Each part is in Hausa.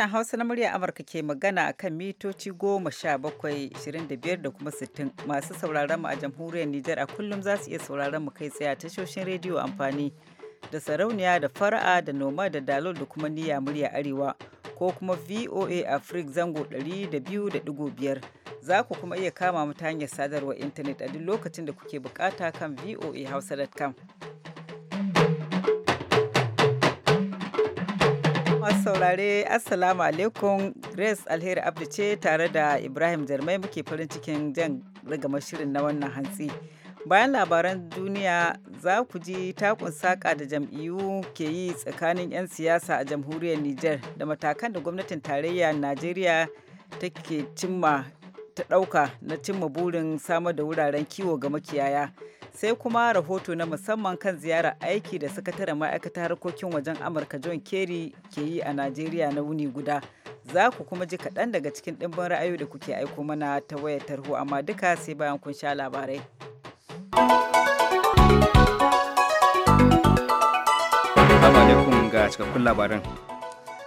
Sashen Hausa na murya Amurka ke magana a kan mitoci goma sha bakwai, da kuma 60 Masu sauraron mu a jamhuriyar Nijar a kullum za su iya sauraron mu kai tsaye a tashoshin rediyo amfani da sarauniya da fara'a da noma da dalol da kuma niyya murya arewa ko kuma VOA Africa zango 200.5. Za ku kuma iya kama mu ta hanyar sadarwar intanet a duk lokacin da kuke bukata kan voa saurare assalamu alaikum grace alheri abdu ce tare da ibrahim jarmai muke farin cikin jan rigama shirin na wannan hantsi bayan labaran duniya za ku ji takun saƙa da jam'iyyu ke yi tsakanin 'yan siyasa a jamhuriyar niger da matakan da gwamnatin tarayya najeriya ke cimma ta ɗauka na cimma burin samar da wuraren kiwo ga makiyaya sai kuma rahoto na musamman kan ziyarar aiki da sakataren ma'aikatar harkokin wajen amurka john kerry ke yi a najeriya na wuni guda za ku kuma ji kaɗan daga cikin ɗimbin ra'ayoyi da kuke aiko mana ta wayar tarho amma duka sai bayan kun sha labarai alaikum ga cikakkun labaran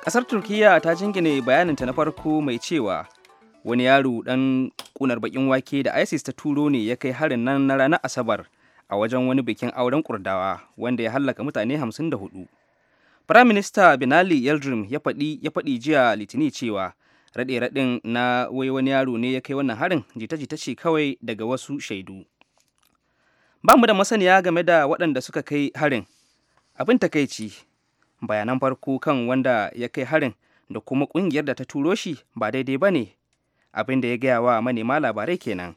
ƙasar turkiya ta jingine bayaninta na farko mai cewa wani yaro dan kunar bakin wake da isis ta turo ne ya kai harin nan na ranar asabar a wajen wani bikin auren kurdawa wanda ya hallaka mutane 54 prime minister binali yeldrim ya faɗi ya faɗi jiya litini cewa raɗe raɗin na wai wani yaro ne ya kai wannan harin jita-jita ce kawai daga wasu shaidu ba mu da masaniya game da waɗanda suka kai harin abin takaici bayanan farko kan wanda ya kai harin da kuma ƙungiyar da ta turo shi ba daidai ba ne abin da ya gaya wa manema labarai kenan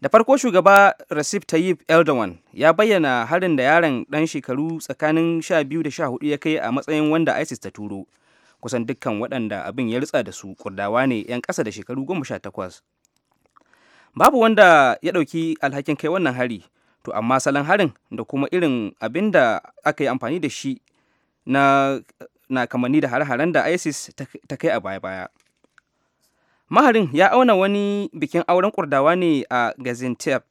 da farko shugaba recep tayyip erdogan ya bayyana harin da yaron dan shekaru tsakanin 12 da 14 ya kai a matsayin wanda isis ta turo kusan dukkan waɗanda abin ya ritsa da su kurdawa ne 'yan ƙasa da shekaru goma sha 18 babu wanda ya ɗauki alhakin kai wannan hari to amma salon harin da kuma irin abin da aka yi amfani da shi na, na kamanni da har haren da isis ta kai a baya-baya maharin ya auna wani bikin auren kurdawa ne a gaziantep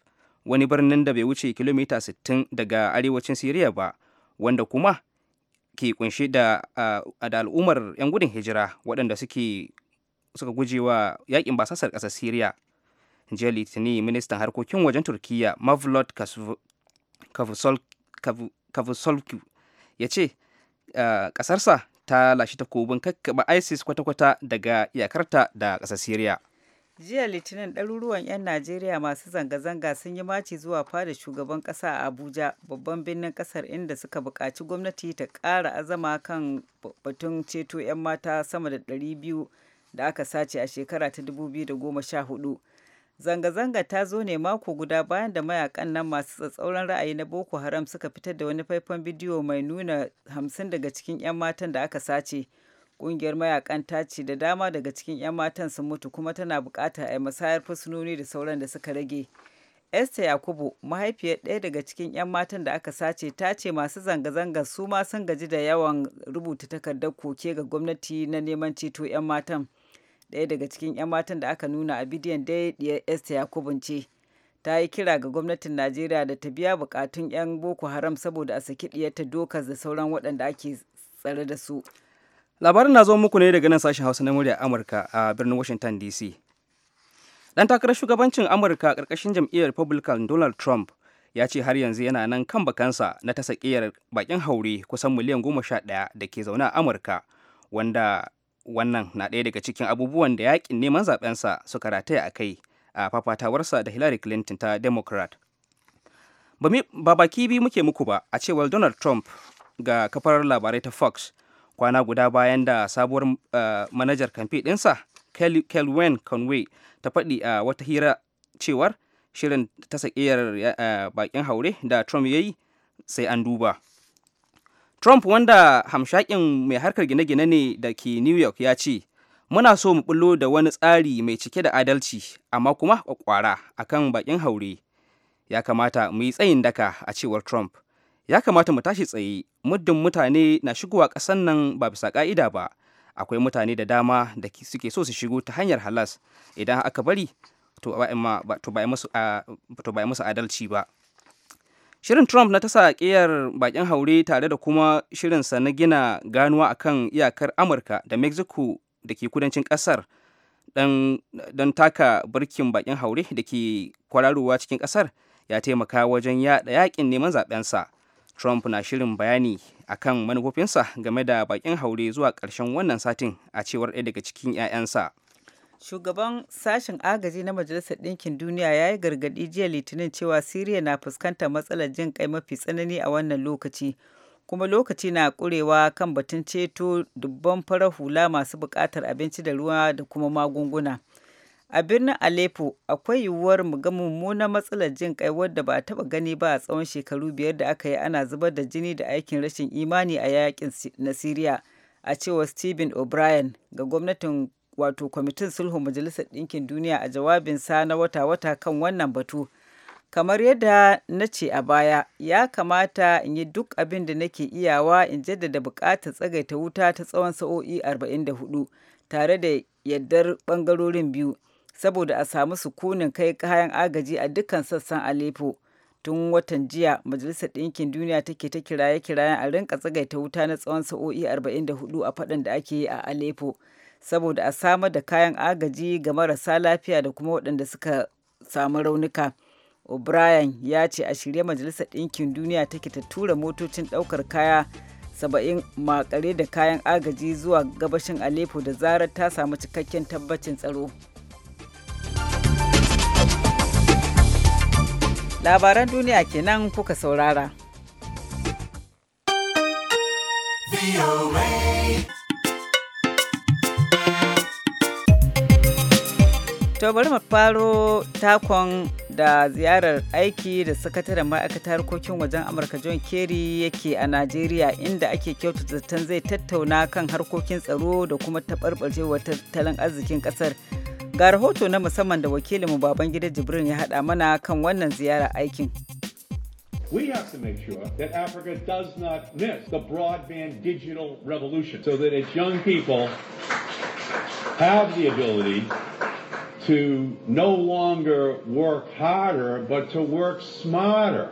wani birnin da bai wuce kilomita 60 daga arewacin siriya ba wanda kuma ke kunshi da al'ummar 'yan gudun hijira waɗanda suke suka guje wa yakin basasar ƙasar siriya jiya litinin ministan harkokin wajen turkiyya mavlot kavusolki ya ce ƙasarsa ta lashe takobin kakkaɓa isis kwata-kwata daga iyakarta da ƙasar syria jiya litinin ɗaruruwan 'yan najeriya masu zanga-zanga sun yi maci zuwa fada shugaban ƙasa a abuja babban birnin ƙasar inda suka buƙaci gwamnati ta ƙara azama kan batun ceto 'yan mata sama da 200 da aka sace a shekara ta 2014 Zanga-zanga ta zo ne mako guda bayan da mayakan nan masu tsatsauran ra'ayi na Boko Haram suka fitar da wani faifan bidiyo mai nuna hamsin daga cikin 'yan matan da aka sace. Ƙungiyar mayakan ta ce da dama daga cikin 'yan matan sun mutu kuma tana buƙatar a masayar fursunoni da sauran da suka rage. Esther Yakubu, mahaifiyar ɗaya daga cikin 'yan matan da aka sace, ta ce masu zanga zanga su ma sun gaji da yawan rubuta takardar koke ga gwamnati na neman ceto 'yan matan. ɗaya daga cikin 'yan matan da aka nuna a bidiyon dai ya esther yakubun ce ta yi kira ga gwamnatin najeriya da ta biya bukatun 'yan boko haram saboda a saki ɗiyarta dokas da sauran waɗanda ake tsare da su labarin na zo muku ne daga nan sashen hausa na murya amurka a birnin washington dc dan takarar shugabancin amurka ƙarƙashin jam'iyyar republican donald trump ya ce har yanzu yana nan kan bakansa na ta sakiyar bakin haure kusan miliyan goma sha ɗaya da ke zaune a amurka wanda wannan na ɗaya daga cikin abubuwan da yaƙin neman zaɓensa suka rataya a kai a fafatawarsa da hillary clinton ta democrat ba baki bi muke muku ba a cewar donald trump ga kafar labarai ta fox kwana guda bayan da sabuwar uh, manajar kamfe ɗinsa kelwen conway ta faɗi a wata hira cewar shirin ta sakiyar uh, eh, bakin haure da trump ya yi sai an duba Trump wanda hamshakin mai harkar gine-gine ne da ke New York ya ce, Muna so mu bullo da wani tsari mai cike da adalci, amma kuma kwakwara a kan bakin haure. Ya kamata mu yi tsayin daka a cewar Trump. Ya kamata mu tashi tsaye, muddin mutane na shigowa ƙasan nan ba bisa ƙa'ida ba. Akwai mutane da dama da suke so su shigo ta hanyar halas, idan aka bari to ba musu adalci ba. Shirin Trump na tasa ƙiyar bakin haure tare da kuma shirinsa na gina ganuwa akan iyakar Amurka da Mexico da ke kudancin ƙasar don taka birkin bakin haure da ke kwararowa cikin ƙasar ya taimaka wajen yaɗa yakin neman zaɓensa. Trump na shirin bayani akan manufofinsa game da bakin haure zuwa ƙarshen wannan satin a cewar ɗaya daga cikin 'ya'yansa. Shugaban sashen agaji na Majalisar Ɗinkin Duniya ya yi gargaɗi jiya Litinin cewa Siriya na fuskantar matsalar jin kai mafi tsanani a wannan lokaci, kuma lokaci na ƙurewa kan batun ceto dubban farar hula masu buƙatar abinci da ruwa da kuma magunguna. A birnin Aleppo akwai yiwuwar mu ga mummunar matsalar jin kai wadda ba a taɓa gani ba a tsawon shekaru biyar da aka yi ana zubar da jini da aikin rashin imani a yakin na Siriya, a cewar Stephen O'Brien ga gwamnatin wato kwamitin Sulhu majalisar ɗinkin duniya a jawabin sa na wata-wata kan wannan batu kamar yadda na ce a baya ya kamata in yi duk abin da nake iyawa in jaddada buƙatar tsagaita wuta ta tsawon sa'o'i 44 tare da yardar ɓangarorin biyu saboda a samu sukunin kai kayan agaji a dukkan sassan Aleppo. Tun watan jiya, Majalisar Ɗinkin Duniya take ta kiraye-kirayen a rinka tsagaita wuta na tsawon sa'o'i 44 a faɗin da ake yi a Aleppo. saboda a samar da kayan agaji ga marasa lafiya da kuma waɗanda suka samu raunuka. O'Brien ya ce a shirye Majalisar Ɗinkin Duniya take ta tura motocin ɗaukar kaya saba'in makare da kayan agaji zuwa gabashin Aleppo da zarar ta samu cikakken tabbacin tsaro. Labaran duniya kenan kuka saurara. To bari mu faro takon da ziyarar aiki da sakataren ma'aikatar harkokin wajen Amurka John Kerry yake a Najeriya inda ake kyautata zaton zai tattauna kan harkokin tsaro da kuma taɓarɓarewar tattalin arzikin ƙasar. Ga rahoto na musamman da wakilinmu gida Jibrin ya haɗa mana kan wannan ziyara aikin. We have to make sure that Africa does not miss the broadband digital revolution so that its young people have the ability to no longer work harder, but to work smarter.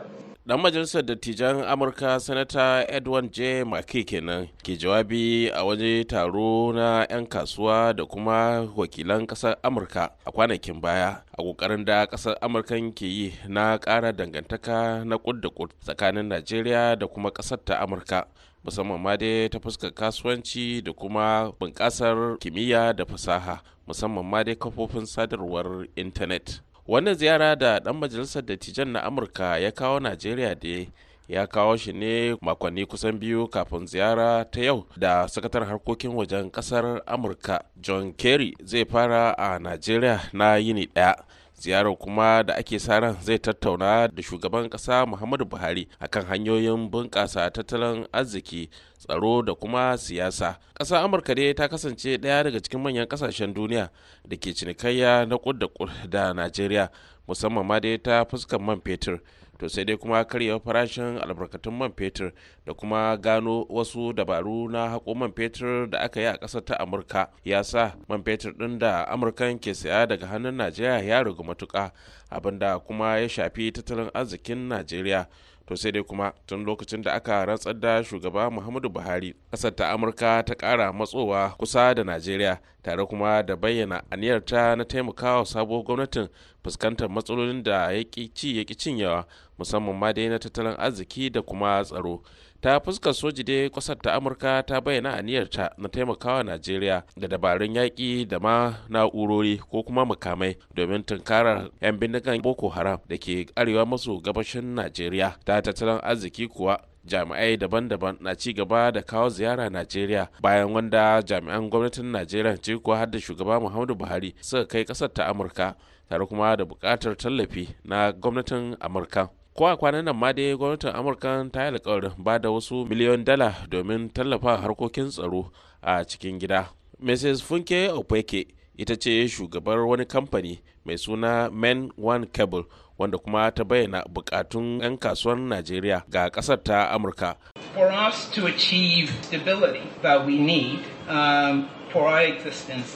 Dan majalisar dattijan Amurka Sanata Edwin J. McKee kenan ke jawabi a waje taro na 'yan kasuwa da kuma wakilan ƙasar Amurka a kwanakin baya a ƙoƙarin da ƙasar Amurka ke yi na ƙara dangantaka na ƙud da kud tsakanin Najeriya da kuma ƙasar ta Amurka. musamman ma dai ta fuskar kasuwanci da kuma bunƙasar kimiyya da fasaha musamman ma dai kafofin sadarwar intanet wannan ziyara da dan majalisar dattijan na amurka ya kawo najeriya da ya kawo shi ne makonni kusan biyu kafin ziyara ta yau da sakatar harkokin wajen kasar amurka john kerry zai fara a najeriya na yini daya ziyarar kuma da ake sa ran zai tattauna da shugaban kasa muhammadu buhari akan hanyoyin bunƙasa tattalin arziki tsaro da kuma siyasa ƙasar amurka dai ta kasance ɗaya daga cikin manyan ƙasashen duniya da ke cinikayya na kudda da najeriya musamman ma dai ta fuskar man fetur to sai dai kuma karya farashin albarkatun man fetur da kuma gano wasu dabaru na haƙo man fetur da aka yi a ƙasar ta amurka ya sa man fetur ɗin da amurkan ke saya daga hannun najeriya ya rigu matuƙa abinda kuma ya shafi tattalin arzikin najeriya to sai dai kuma tun lokacin da aka rantsar da shugaba muhammadu buhari ƙasar ta amurka ta kara matsowa kusa da najeriya tare kuma da bayyana aniyarta na taimakawa sabuwar gwamnatin fuskantar matsalolin da ya ci ya cinyewa musamman ma dai na tattalin arziki da kuma tsaro ta fuskar soji dai kasar ta amurka ta bayyana aniyarta na taimakawa najeriya da dabarun yaƙi da ma na'urori ko kuma mukamai domin tunkarar 'yan bindigan boko haram da ke arewa maso gabashin najeriya ta tattalin arziki kuwa jami'ai daban-daban na ci gaba da kawo ziyara najeriya bayan wanda jami'an gwamnatin najeriya ce kuwa har shugaba muhammadu buhari suka kai kasar ta amurka tare kuma da buƙatar tallafi na gwamnatin amurka ko a kwanan nan ma dai gwamnatin amurka ta yi alkawarin ba da wasu miliyon dala domin tallafa harkokin tsaro a cikin gida mrs funke opeke ita ce shugabar wani kamfani mai suna men one cable wanda kuma ta bayyana bukatun 'yan kasuwar najeriya ga ƙasar ta amurka for us to um,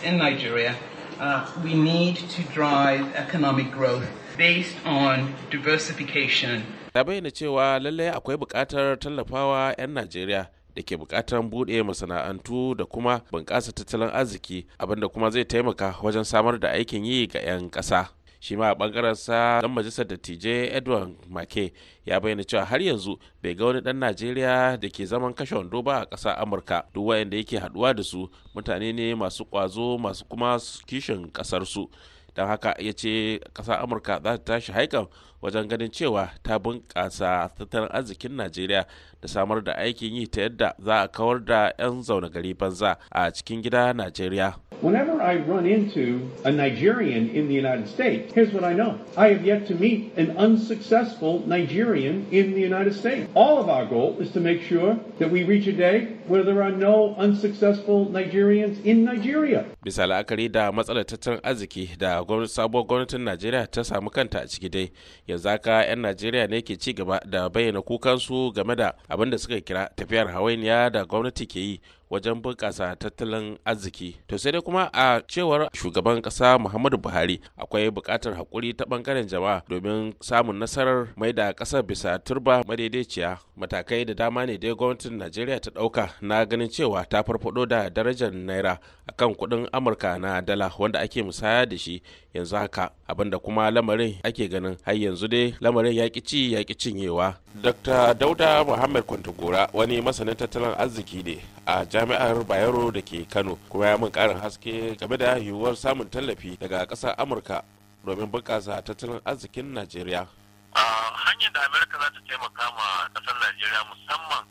in nigeria uh, we need to drive economic growth based on diversification. Ta bayyana cewa lallai akwai buƙatar tallafawa 'yan Najeriya da ke buƙatar buɗe masana'antu da kuma bunƙasa tattalin arziki abinda kuma zai taimaka wajen samar da aikin yi ga 'yan ƙasa. shi ma a bangaren sa dan majalisar dattijai edward make ya bayyana cewa har yanzu bai ga wani ɗan najeriya da ke zaman kashe wando ba a ƙasa amurka duk wayanda yake haduwa da su mutane ne masu ƙwazo masu kuma kishin ƙasar su don haka ya ce ƙasar amurka za ta tashi haikan wajen ganin cewa ta bunƙasa tattalin arzikin najeriya da samar da aikin yi ta yadda za a kawar da 'yan zaune gari banza a cikin gida najeriya Whenever I run into a Nigerian in the United States, here's what I know. I have yet to meet an unsuccessful Nigerian in the United States. All of our goal is to make sure that we reach a day where there are no unsuccessful Nigerians in Nigeria. Bisa la'akari da matsalar tattalin arziki da sabuwar gwamnatin Najeriya ta samu kanta a ciki dai, yanzu haka 'yan Najeriya ne ke ci gaba da bayyana kukansu game da abin da suka kira tafiyar hawainiya da gwamnati ke yi wajen bunƙasa tattalin arziki to sai dai kuma a cewar shugaban kasa muhammadu buhari akwai bukatar hakuri ta bangaren jama'a domin samun nasarar mai da ƙasar bisa turba madaidaiciya matakai da dama ne dai gwamnatin najeriya ta ɗauka na ganin cewa ta farfado da darajar naira akan kuɗin amurka na dala wanda ake musaya da shi yanzu haka abinda kuma lamarin ake ganin har yanzu dai lamarin ya ci ya cinyewa dr dauda muhammad kwantagora wani masanin tattalin arziki ne a jami'ar bayero da ke kano kuma ya mun karin haske game da yiwuwar samun tallafi daga kasar amurka domin bunkasa tattalin arzikin najeriya hanyar da amurka za ta taimaka ma kasar najeriya musamman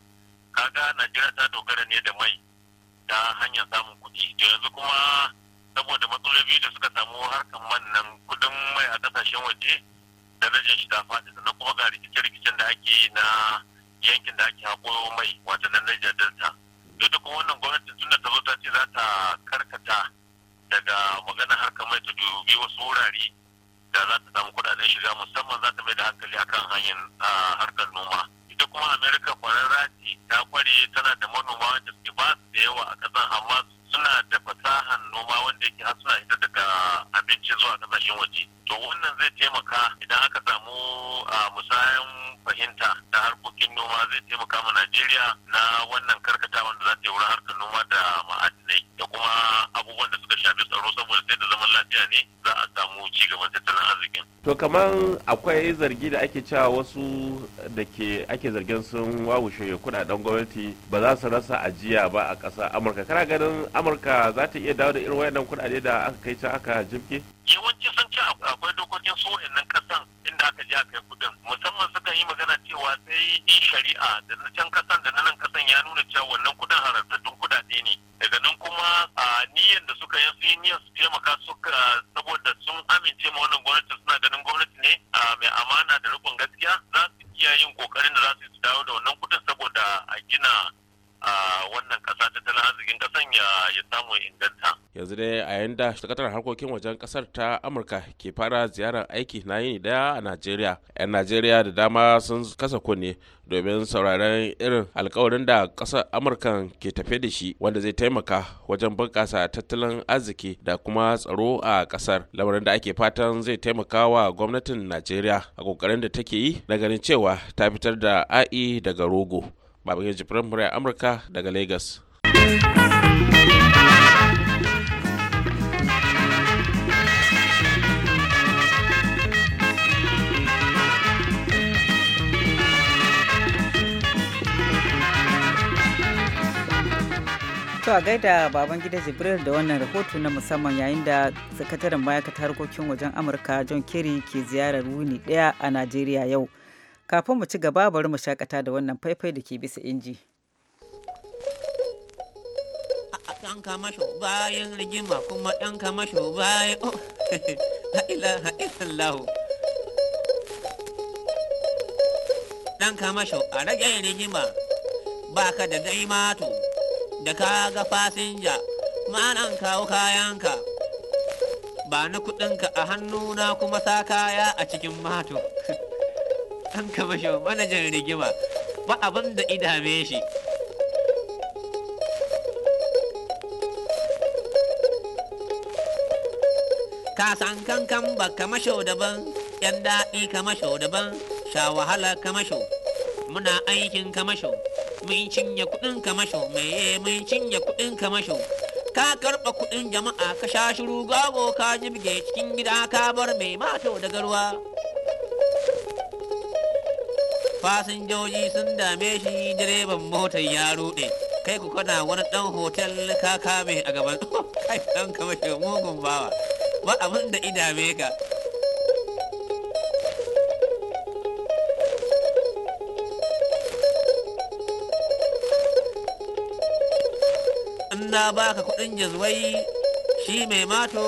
kaga najeriya ta dogara ne da mai ta hanyar samun kuɗi da yanzu kuma saboda matsaloli da suka samu harkar manan kudin mai a kasashen waje rajin shi ta faɗi sannan kuma ga rikice-rikicen da ake na yankin da ake haƙo mai wato na Niger Delta yadda kuma wannan gwamnatin da ta zo ta ce za ta karkata daga magana har mai ta dubi wasu wurare da za ta samu kudaden shiga musamman za ta mai da hankali akan hanyar harkar noma ita kuma amerika kwarar rati ta kware tana da manoma wanda suke ba su da yawa a kasan amma suna da fasahan noma wanda yake ke ita daga abinci zuwa kasashen waje to wannan zai taimaka idan aka samu a musayan fahimta da harkokin noma zai taimaka ma najeriya na wannan karkata wanda za ta yi wurin harkar noma da ma'adinai da kuma abubuwan da suka shafi tsaro saboda sai da zaman lafiya ne za a samu ci gaban tattalin arzikin to kamar akwai zargi da ake cewa wasu da ke ake zargin sun wawushe kudaden gwamnati ba za su rasa ajiya ba a ƙasa amurka kana ganin amurka za ta iya dawo da irin wayannan kudade da aka kai ta aka jibge yawanci sun ce akwai dokokin su nan kasan inda aka je aka yi kudin musamman suka yi magana cewa sai yi shari'a da na can kasan da na nan kasan ya nuna cewa wannan kudin haramtattun kudade ne daga nan kuma a niyyar da suka yi su yi niyyar su taimaka suka saboda sun amince ma wannan gwamnati suna ganin gwamnati ne mai amana da rikon gaskiya za su iya yin kokarin da za su dawo da wannan kudin saboda a gina wannan kasa tattalin arzikin kasan ya samu inganta. Yanzu dai a yayin da sakataren harkokin wajen kasar ta Amurka ke fara ziyarar aiki na yini daya a Najeriya. 'Yan Najeriya da dama sun kasa kunne domin sauraren irin alkawarin da kasar Amurka ke tafe da shi wanda zai taimaka wajen bunƙasa tattalin arziki da kuma tsaro a kasar. Lamarin da ake fatan zai taimaka wa gwamnatin Najeriya a ƙoƙarin da take yi na ganin cewa ta fitar da a'i daga rogo. babu jifirin murya amurka daga lagos To a gaida baban gida Jibril da wannan rahoto na musamman yayin da sakataren ma'aikatar harkokin wajen Amurka John Kerry ke ziyarar wuni daya a Najeriya yau. Kafin mu ci gaba bari mu shakata da wannan faifai da ke bisa inji. ɗan kamasho bayan rigima kuma ɗan kamasho bayan oh, a rage rigima ba ka da mato da ka ga fasinja ma'anan kawo kayanka ba na kuɗinka a hannuna kuma sa kaya a cikin mato An kamasho manajan rigima ba abin da idame shi Ka kasan kankan ba kamasho daban yan daɗi kamasho daban sha wahala kamasho muna aikin kamasho mun cinye kuɗin kamasho meye mun cinye kuɗin kamasho ka karɓa kuɗin jama'a ka sha shiru gago ka jibge cikin gida ka bar mai mato da garwa fasinjoji sun dame shi direban motar ya rude kai ku kana wani dan hotel kaka mai a gaban oh, kai dan kama shi mugun bawa ba abin da idame ka in na baka kudin jazwai shi mai mato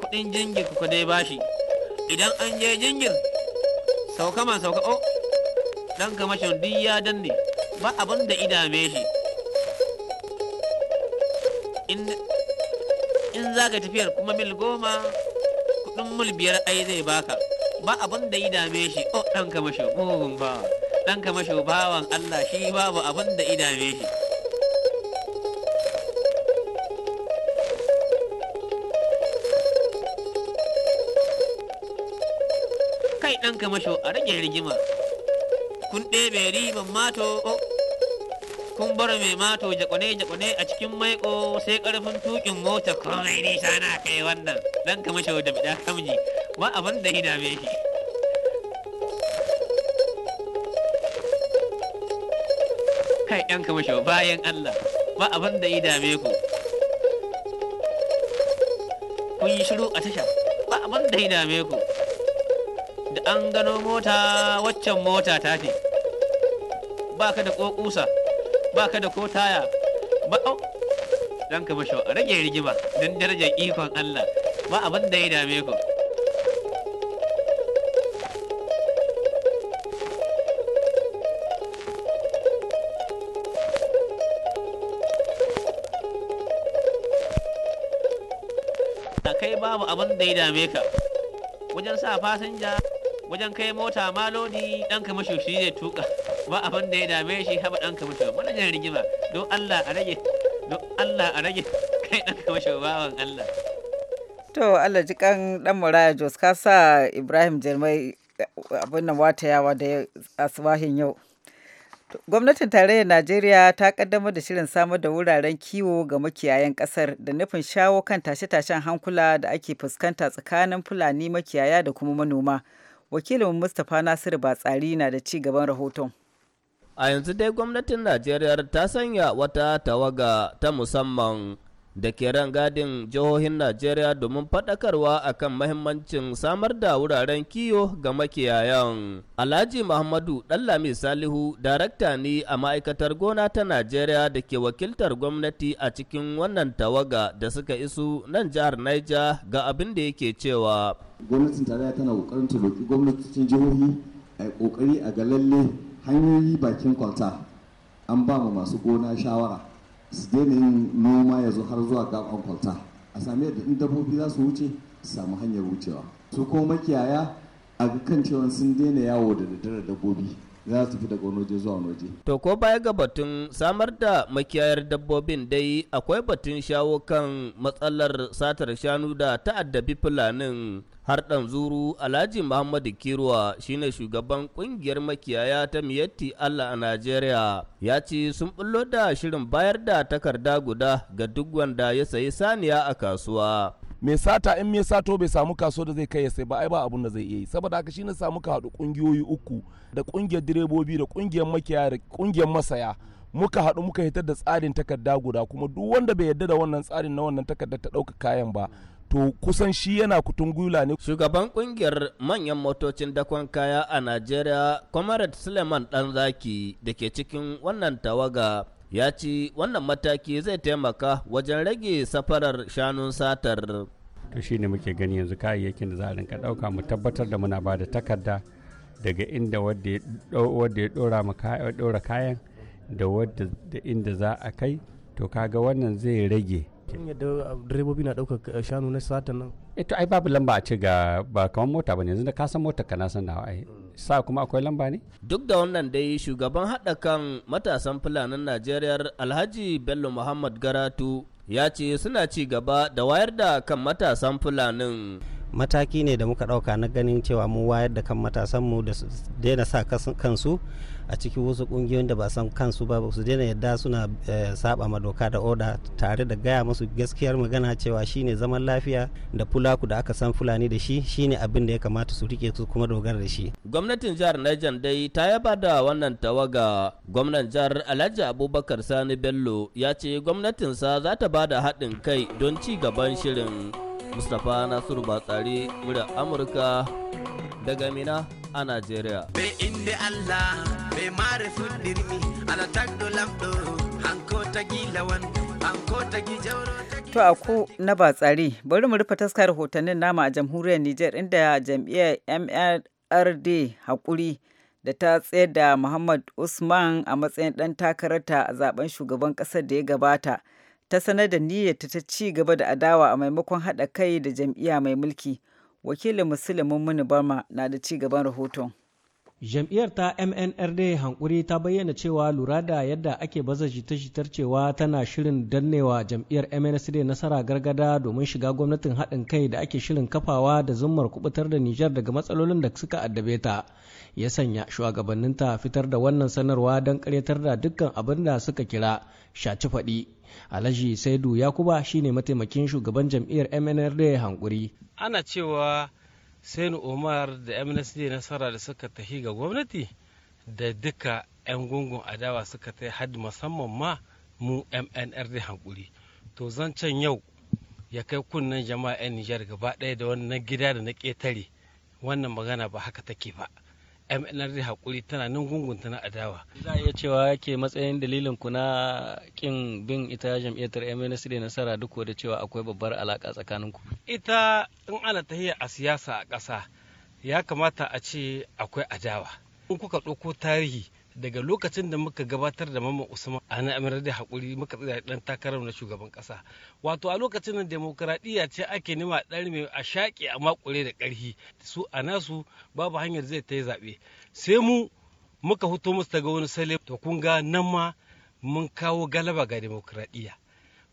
kudin jingir ku dai bashi idan an je jingir sauka man sauka oh ɗan kamashin duk ya danne ba abin da idame shi in za ka tafiyar kuma mil goma kudin mil biyar ai zai baka ba abin da idame shi o ɗan kamashin mugun ba ɗan kamashin bawan Allah shi babu abin da idame shi kai ɗan kamasho a rage rigima kun ɗebe riban mato kun bar mai mato jakone-jakone a cikin maiko sai karfin tukin mota komai nisa na kai wannan dan kama shau da bida kamji ba abin da hida me shi kai yan kama shau bayan Allah ba abin da dame ku kun yi shiru a tasha ba abin da dame ku da an gano mota waccan mota ta ce baka da ko kusa baka da ko taya ba au dan ka masho rage rigima dan darajar ikon Allah ba abin da ya dame ku kai babu abin da ya dame ka wajen sa fasinja wajen kai mota malodi dan ka masho shi zai tuka ba abin da ya dame shi haɓa ɗan ka mutu wannan jan rigima don Allah a rage don Allah a rage kai ɗan ka mashi bawan Allah to Allah ji kan dan Muraya Jos ka sa Ibrahim Jirmai eh, abin nan yawa da asibahin yau Gwamnatin tarayyar Najeriya ta kaddamar da shirin samar da wuraren kiwo ga makiyayan kasar da nufin shawo kan tashe-tashen hankula da ake fuskanta tsakanin Fulani makiyaya da kuma manoma. Wakilin Mustapha Nasiru Batsari na da ci gaban rahoton. A yanzu dai gwamnatin Najeriya ta sanya wata tawaga ta musamman da ke rangadin jihohin Najeriya domin faɗakarwa akan mahimmancin samar da wuraren kiyo ga makiyayan. Alhaji Muhammadu Ɗallami Salihu, darakta ne a ma'aikatar gona ta Najeriya da ke wakiltar gwamnati a cikin wannan tawaga da suka isu nan jihar Niger ga abin da yake cewa. Gwamnatin tarayya tana ƙoƙarin gwamnatocin jihohi a ƙoƙari a ga lalle hanyoyi bakin kwalta an ba mu masu gona shawara su daina yin noma ya zo har zuwa gaban kwalta a sami yadda in dabbobi za su wuce su samu hanyar wucewa su kuma makiyaya a kan cewa sun daina yawo da daddare dabbobi za su fi daga wani waje zuwa waje. To ko baya ga batun samar da makiyayar dabbobin dai akwai batun shawo kan matsalar satar shanu da ta'addabi fulanin har ɗan zuru Alhaji Muhammadu Kirwa shine shugaban kungiyar makiyaya ta Miyatti Allah a Najeriya ya ce sun bullo da shirin bayar da takarda guda ga duk wanda ya sayi saniya a kasuwa. mai sata in mai sato bai samu kaso da zai kai ya sai ba ai ba abun da zai iya yi saboda haka shine samu ka haɗu ƙungiyoyi uku da ƙungiyar direbobi da ƙungiyar makiyaya da ƙungiyar masaya muka haɗu muka hitar da tsarin takarda guda kuma duk wanda bai yarda da wannan tsarin na wannan takarda ta ɗauka kayan ba to kusan shi yana kutun gula ne. Shugaban kungiyar manyan motocin dakon kaya a Najeriya, Comrade Suleiman Ɗanzaki da ke cikin wannan tawaga ya ci wannan mataki zai taimaka wajen rage safarar shanun satar to shi ne muke gani yanzu kayayyakin da za a rinka ɗauka mu tabbatar da muna ba da takarda daga inda wadda ya dora kayan da wadda inda za a kai to kaga wannan zai rage yadda direbobi na ɗaukar shanu na satan nan Eh to ai babu lamba a ce ga ba kamar mota bane yanzu da ka san mota kana san nawa ai sa kuma akwai lamba ne duk da wannan dai shugaban hada kan matasan fulanin Najeriya Alhaji Bello Muhammad Garatu ya ce suna ci gaba da wayar da kan matasan fulanin mataki ne da muka ɗauka na ganin cewa mu wayar da kan mu da daina sa kansu a cikin wasu kungiyoyin da ba san kansu ba su daina yadda suna eh, saba ma doka da oda tare da gaya musu gaskiyar magana cewa shine zaman lafiya da fulaku da aka san fulani da shi shine abin da ya kamata su rike su kuma dogara da shi gwamnatin jihar Niger dai ta yaba da wannan tawaga gwamnan jihar Alhaji Abubakar Sani Bello ya ce gwamnatinsa za ta ba da haɗin kai don ci gaban shirin Mustapha Nasiru Batsari murya Amurka daga Mina a Najeriya. Be inda Allah be mare fudirmi ala tagdo lamdo hanko tagi lawan hanko tagi jauro To a ku na ba tsari bari mu rufe taskar hotannin nama a jamhuriyar Nijar inda jam'iyyar MRD hakuri da ta tsayar da Muhammad Usman a matsayin ɗan takararta a zaben shugaban ƙasar da ya gabata. ta sanar da niyyarta ta ci gaba da adawa a maimakon haɗa kai da jam'iyya mai mulki wakilin musulmin muni bama na da ci gaban rahoton jam'iyyar ta mnrd hankuri ta bayyana cewa lura da yadda ake baza jita-jitar cewa tana shirin dannewa jam'iyyar mnsd nasara gargada domin shiga gwamnatin haɗin kai da ake shirin kafawa da zummar kubutar da nijar daga matsalolin da suka addabe ta ya sanya ta fitar da wannan sanarwa don karyatar da dukkan abin da suka kira shaci faɗi alhaji saidu yakuba shine mataimakin shugaban jam'iyyar mnrd hankuri ana cewa sainu umar da mnsd nasara da suka tahi ga gwamnati da duka 'yan gungun adawa suka ta had musamman ma mu mnrd hankuri to zancen yau ya kai kunnen jama'a 'yan nijar gaba ɗaya da wannan gida da na ƙetare wannan magana ba haka take ba mnrd hakuri tana nan gungunta na adawa za a iya cewa yake matsayin dalilin ku na kin bin ita jam'iyyar da nasara duk da cewa akwai babbar alaka tsakanin ku ita in ana tahiya a siyasa a ƙasa ya kamata a ce akwai adawa in kuka ɗauko tarihi daga lokacin da muka gabatar da mamman usman a na amirar da haƙuri muka tsaya ɗan takarar na shugaban ƙasa wato a lokacin da demokuraɗiyya ce ake nema ɗari mai a shaƙe a makure da ƙarfi su a nasu babu hanyar zai ta yi zaɓe sai mu muka hoto musu daga wani sale to kun ga nan ma mun kawo galaba ga demokuraɗiyya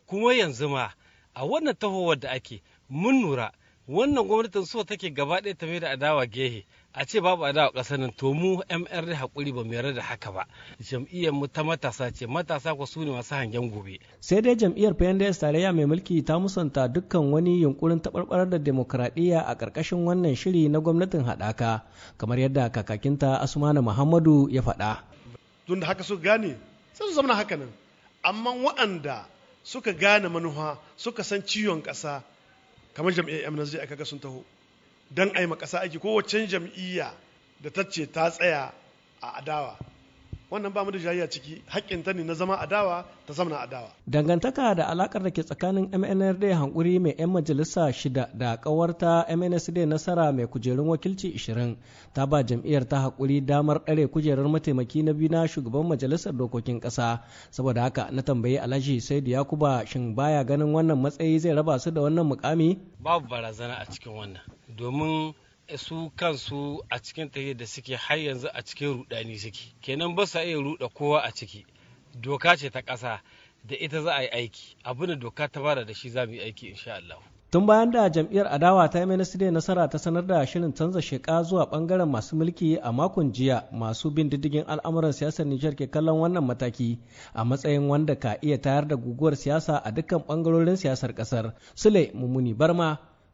kuma yanzu ma a wannan tahowar da ake mun nura wannan gwamnatin so take gaba ɗaya ta mai da adawa gehe a ce babu adawa ƙasar nan to mu MR da hakuri ba mu yarda da haka ba jam'iyyar mu ta matasa ce matasa ko su ne masu hangen gobe sai dai jam'iyyar PNDS tarayya mai mulki ta musanta dukkan wani yunkurin tabarbarar da demokradiyya a ƙarƙashin wannan shiri na gwamnatin haɗaka kamar yadda kakakinta Asmana Muhammadu ya faɗa tunda haka su gane sai su zama haka nan amma waɗanda suka gane manuha suka san ciwon ƙasa kamar jam'iyyar MNZ aka ga sun taho don a yi makasa aiki ko wacce jam'iyya da ta ce ta tsaya a adawa wannan ba mu da jayayya ciki haƙƙin ta ne na zama adawa ta zamana adawa dangantaka da alakar da ke tsakanin MNRD hankuri mai yan majalisa shida da kawarta MNSD nasara mai kujerun wakilci 20 ta ba jam'iyyar ta hakuri damar ɗare kujerar mataimaki na biyu na shugaban majalisar dokokin ƙasa saboda haka na tambayi Alhaji Saidu Yakuba shin baya ganin wannan matsayi zai raba su da wannan mukami babu barazana a cikin wannan domin su kansu a cikin tahiyar da suke har yanzu a cikin rudani suke kenan ba sa iya ruda kowa a ciki doka ce ta ƙasa da ita za a yi aiki abinda doka ta bada da shi za mu yi aiki insha Allah tun bayan da jam'iyyar adawa ta MNSD nasara ta sanar da shirin canza sheka zuwa bangaren masu mulki a makon jiya masu bin diddigin al'amuran siyasar Nijar ke kallon wannan mataki a matsayin wanda ka iya tayar da guguwar siyasa a dukkan bangarorin siyasar kasar Sule Mumuni Barma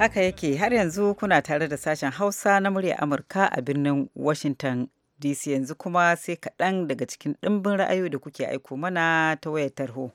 Haka yake har yanzu kuna tare da sashen Hausa na murya Amurka a birnin Washington DC yanzu kuma sai kaɗan daga cikin ɗimbin ra'ayoyi da kuke aiko mana ta wayar tarho.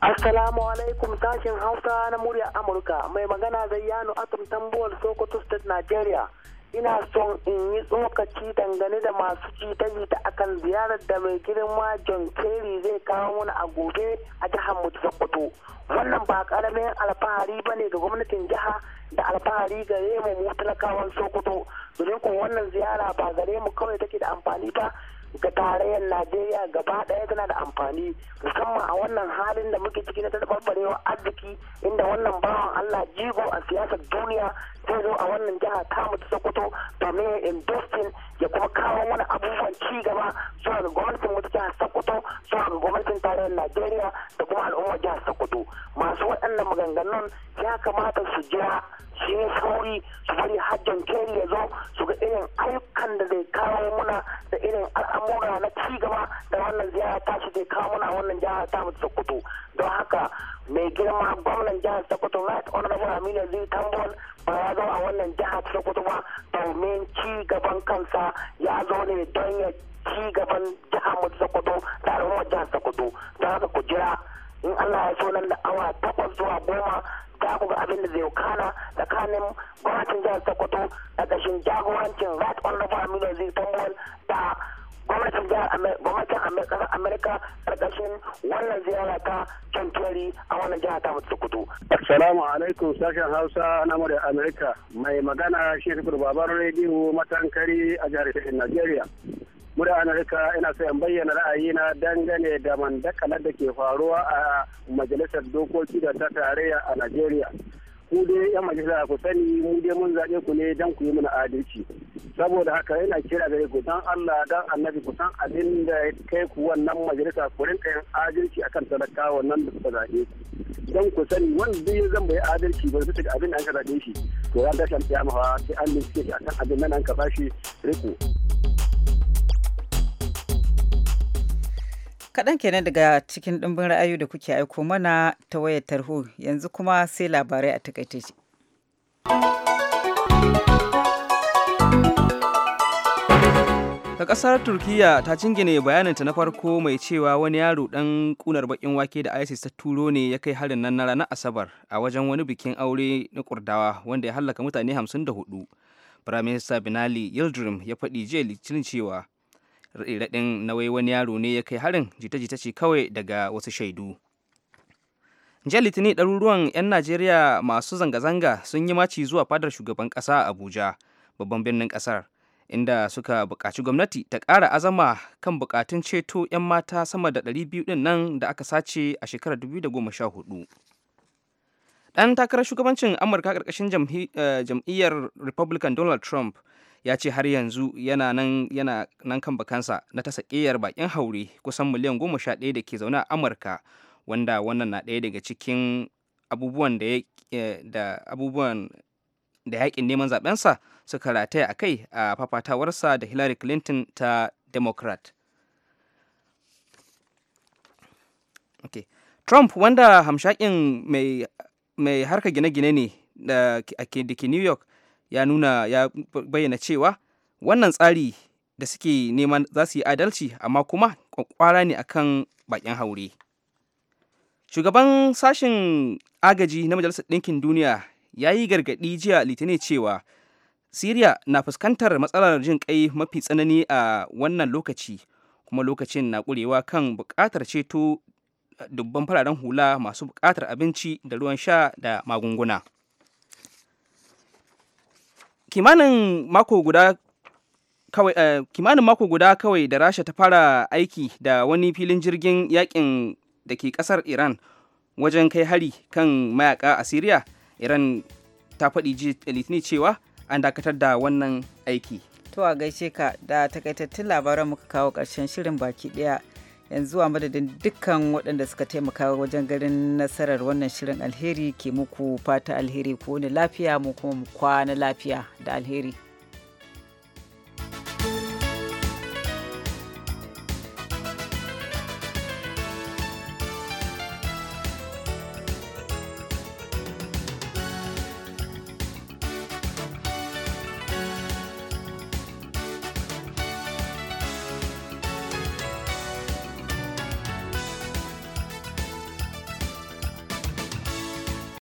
Assalamu alaikum sashen Hausa na murya Amurka mai magana yano Atom tambuwar Sokoto State Nigeria. ina son in yi tsokaci dangane da masu jita-jita akan ziyarar da mai girma john kerry zai kawo mana a gobe a jihar mutu wannan ba karamin alfahari ba ne ga gwamnatin jiha da alfahari gare mu na kawon sokoto domin kuma wannan ziyara ba gare mu kawai take da amfani ba ga tarayyar najeriya gaba ɗaya tana da amfani musamman a wannan halin da muke ciki na tattabarbarewar arziki inda wannan bawan allah jigo a siyasar duniya zai zo a wannan jiha tamu ta sokoto domin ya investin ya kuma kawo wani abubuwan ci gaba zuwa ga gwamnatin wata jihar sokoto zuwa ga gwamnatin tarayyar najeriya da kuma al'ummar jihar sokoto masu waɗannan maganganun ya kamata su jira su yi sauri su bari hajjan keri ya zo su ga irin ayyukan da zai kawo muna da irin al'amura na ci gaba da wannan ziyara ta su zai kawo muna wannan jihar ta mutu sokoto don haka mai girma gwamnan jihar sokoto right honorable aminu zai tambon ba ya zo a wannan jihar sokoto ba domin ci gaban kansa ya zo ne don ya ci gaban jihar mutu sokoto da al'ummar jihar sokoto don haka ku jira in allah ya so nan da awa takwas zuwa goma za ku ga abin da zai kana tsakanin gwamnatin jihar sokoto da kashin jagorancin right honorable aminu aziz tambol da gwamnatin jihar amerika karkashin wannan ziyara ta cantori a wannan jihar ta sokoto. assalamu alaikum sashen hausa na murya amerika mai magana shi babar rediyo matankari a jihar najeriya muda ka ina sayan bayyana bayyana na dangane da mandakalar da ke faruwa a majalisar dokoki da ta tarayya a najeriya ku dai yan majalisa ku sani mu dai mun zaɓe ku ne don ku yi mana adalci saboda haka yana kira gare ku dan Allah dan annabi ku san abin da kai ku wannan majalisa ku rinka yin adalci akan talakawa wannan da suka zaɓe ku don ku sani wanda zai ya zan bai adalci ba su abin da an ka zaɓe shi to ya tsaya tsiyama sai an bincike shi akan abin nan an ka bashi riko. kaɗan kenan daga cikin ɗimbin ra'ayoyi da kuke aiko mana ta wayar tarho yanzu kuma sai labarai a takaice. ta ƙasar turkiyya ta cingine bayaninta na farko mai cewa wani yaro ɗan ƙunar baƙin wake da isis ta turo ne ya kai harin nan na ranar asabar a wajen wani bikin aure na kurdawa wanda ya hallaka mutane 54 firaminista binali yildirim ya faɗi jiya litinin cewa raɗin na wai wani yaro ne ya kai harin jita-jita ce kawai daga wasu shaidu jiya litini ɗaruruwan 'yan najeriya masu zanga-zanga sun yi maci zuwa fadar shugaban ƙasa abuja babban birnin ƙasar inda suka buƙaci gwamnati ta ƙara azama kan buƙatun ceto 'yan mata sama da 200 ɗin nan da aka sace a shekarar 2014 ɗan takarar shugabancin amurka ƙarƙashin eh, jam'iyyar republican donald trump ya ce har yanzu yana nan yana nan kan bakansa na tasa ƙeyar bakin haure kusan miliyan goma sha ɗaya da ke zaune a amurka wanda wannan na ɗaya daga cikin abubuwan da abubuwan da yaƙin neman zaɓensa suka rataya a kai a fafatawarsa da hillary clinton ta democrat trump wanda hamshakin mai, mai harka gine-gine ne da ke new york ya nuna ya bayyana cewa wannan tsari da suke neman za su yi adalci amma kuma kwakwara ne akan bakin haure shugaban sashen agaji na majalisar ɗinkin duniya ya yi gargaɗi jiya litinin cewa siriya na fuskantar matsalar jin kai mafi tsanani a wannan lokaci kuma lokacin na ƙurewa kan buƙatar ceto dubban fararen hula masu buƙatar abinci da ruwan sha da magunguna Eh, kimanin mako guda kawai da rasha ta fara aiki da wani filin jirgin yakin da ke kasar iran wajen kai hari kan mayaka a syria iran ta faɗi litinin cewa an dakatar da wannan aiki to a gaishe ka da takaitattun labaran muka kawo ƙarshen shirin baki ɗaya yanzu a madadin dukkan waɗanda suka taimaka wajen garin nasarar wannan shirin alheri ke muku fata alheri ko ne lafiya mu kuma mu kwana lafiya da alheri.